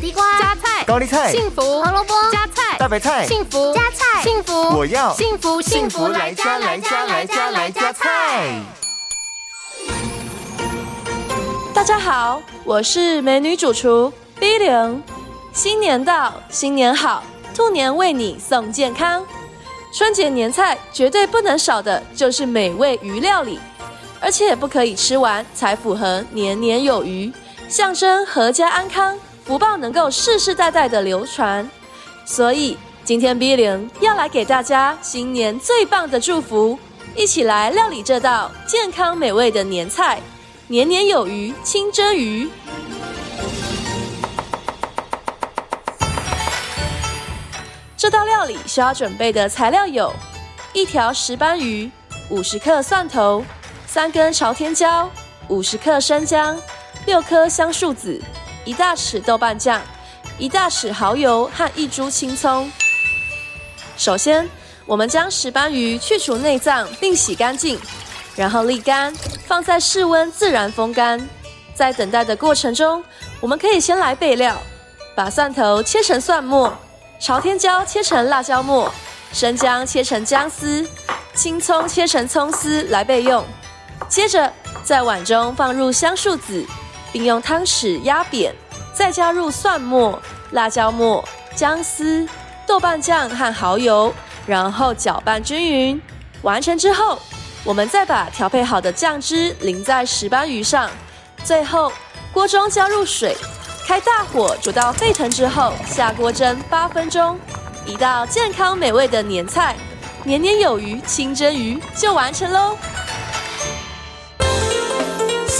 地瓜，加菜，高麗菜，幸福；胡蘿蔔，加菜，大白菜，幸福；加菜，幸福。我要幸福，幸福來加，來加，來加，來加菜。大家好，我是美女主廚 B 零。新年到，新年好，兔年為你送健康。春節年菜絕對不能少的，就是美味魚料理，而且不可以吃完才符合年年有餘，象徵闔家安康。福報能夠世世代代的流傳，所以今天 Billion 要來給大家新年最棒的祝福，一起來料理這道健康美味的年菜——年年有餘清蒸魚。這道料理需要準備的材料有：一條石斑魚、五十克蒜頭、三根朝天椒、五十克生薑、六顆香樹子。一大匙豆瓣醬，一大匙蠔油和一株青蔥。首先，我們將石斑魚去除內臟並洗乾淨，然後瀝乾，放在室溫自然風乾。在等待的過程中，我們可以先來備料：把蒜頭切成蒜末，朝天椒切成辣椒末，生薑切成薑絲，青蔥切成蔥絲來備用。接着，在碗中放入香樹子。並用湯匙壓扁，再加入蒜末、辣椒末、薑絲、豆瓣醬和蠔油，然後攪拌均勻。完成之後，我們再把調配好的醬汁淋在石斑魚上。最後，鍋中加入水，開大火煮到沸騰之後，下鍋蒸八分鐘。一道健康美味的年菜——年年有餘清蒸魚就完成嘍。